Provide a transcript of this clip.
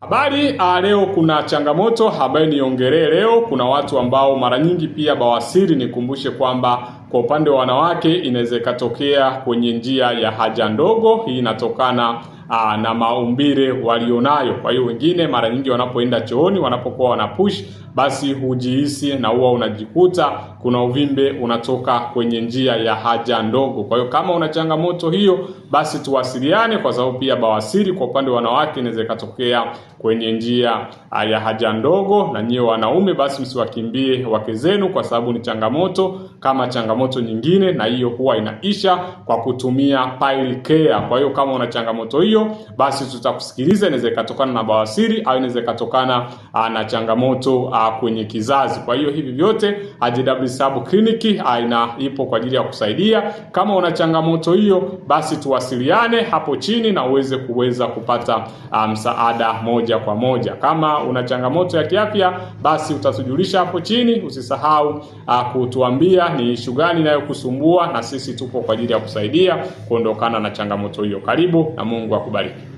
Habari ah, leo, kuna changamoto ambayo niongelee leo. Kuna watu ambao mara nyingi pia bawasiri, nikumbushe kwamba kwa upande wa wanawake inaweza ikatokea kwenye njia ya haja ndogo. Hii inatokana aa, ah, na maumbile walionayo. Kwa hiyo wengine mara nyingi wanapoenda chooni, wanapokuwa wanapush, basi hujihisi na huwa unajikuta kuna uvimbe unatoka kwenye njia ya haja ndogo. Kwa hiyo kama una changamoto hiyo, basi tuwasiliane, kwa sababu pia bawasiri kwa upande wa wanawake inaweza ikatokea kwenye njia ah, ya haja ndogo. Na nyiwe wanaume, basi msiwakimbie wake zenu, kwa sababu ni changamoto kama changamoto changamoto nyingine, na hiyo huwa inaisha kwa kutumia Pile Care. Kwa hiyo kama una changamoto hiyo, basi tutakusikiliza. Inaweza ikatokana na bawasiri au inaweza ikatokana ah, na changamoto a, ah, kwenye kizazi. Kwa hiyo hivi vyote JW Sub Clinic ah, ina ipo kwa ajili ya kusaidia. Kama una changamoto hiyo, basi tuwasiliane hapo chini na uweze kuweza kupata msaada um, moja kwa moja. Kama una changamoto ya kiafya, basi utatujulisha hapo chini. Usisahau uh, kutuambia ni shuga gani inayokusumbua, na sisi tupo kwa ajili ya kusaidia kuondokana na changamoto hiyo. Karibu na Mungu akubariki.